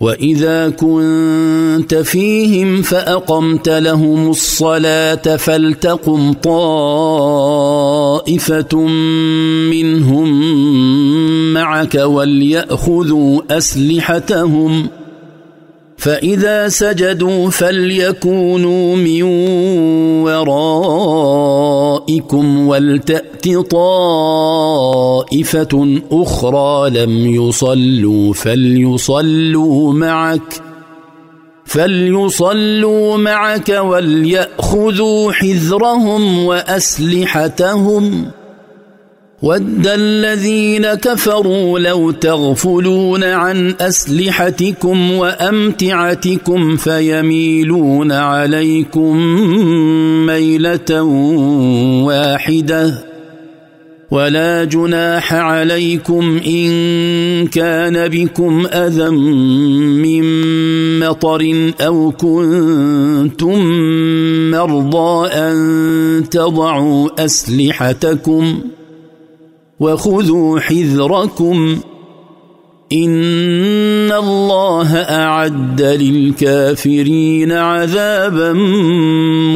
واذا كنت فيهم فاقمت لهم الصلاه فلتقم طائفه منهم معك ولياخذوا اسلحتهم فإذا سجدوا فليكونوا من ورائكم ولتأت طائفة أخرى لم يصلوا فليصلوا معك فليصلوا معك وليأخذوا حذرهم وأسلحتهم ۖ ود الذين كفروا لو تغفلون عن اسلحتكم وامتعتكم فيميلون عليكم ميله واحده ولا جناح عليكم ان كان بكم اذى من مطر او كنتم مرضى ان تضعوا اسلحتكم وخذوا حذركم ان الله اعد للكافرين عذابا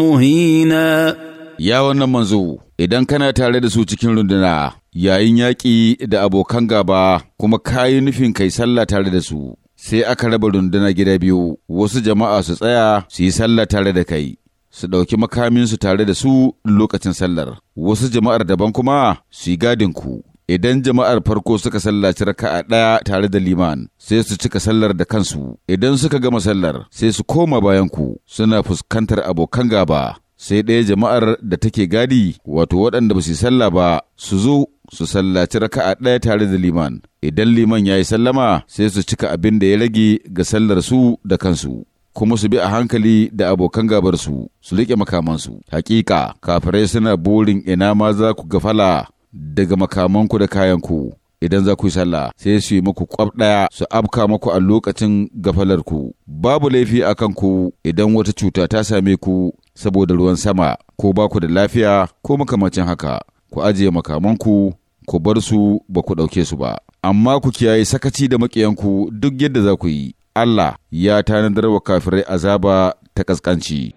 مهينا يا wannan manzo idan kana tare da su cikin runduna yayin yaƙi da abokan gaba kuma kayi nufin kai sallah tare da su sai aka raba runduna gida biyu wasu jama'a su tsaya su yi sallah tare da kai su ɗauki makaminsu tare da su lokacin sallar, wasu jama'ar daban kuma su yi ku Idan jama'ar farko suka sallaci raka'a ɗaya tare da liman, sai su cika sallar da kansu, idan suka gama sallar, sai su koma bayan ku, suna fuskantar abokan gaba, sai ɗaya jama'ar da take gadi, wato waɗanda ba su salla ba, su zo su sallaci raka'a ɗaya tare da liman, idan liman ya yi sallama, sai su cika abin da ya rage ga sallar su da kansu. kuma su bi a hankali da abokan gabarsu su riƙe makamansu. Hakika, kafirai suna burin ina ma za ku gafala daga makamanku da kayanku. Idan za ku yi sallah sai su yi muku kwab ɗaya su afka muku a lokacin gafalarku. Babu laifi a ku idan wata cuta ta same ku saboda ruwan sama ko ba ku da lafiya ko makamancin haka. Ku ajiye makamanku ku bar su ba ku ɗauke su ba. Amma ku kiyaye sakaci da maƙiyanku duk yadda za ku yi, Allah ya tanadar wa kafirai azaba ta ƙasƙanci.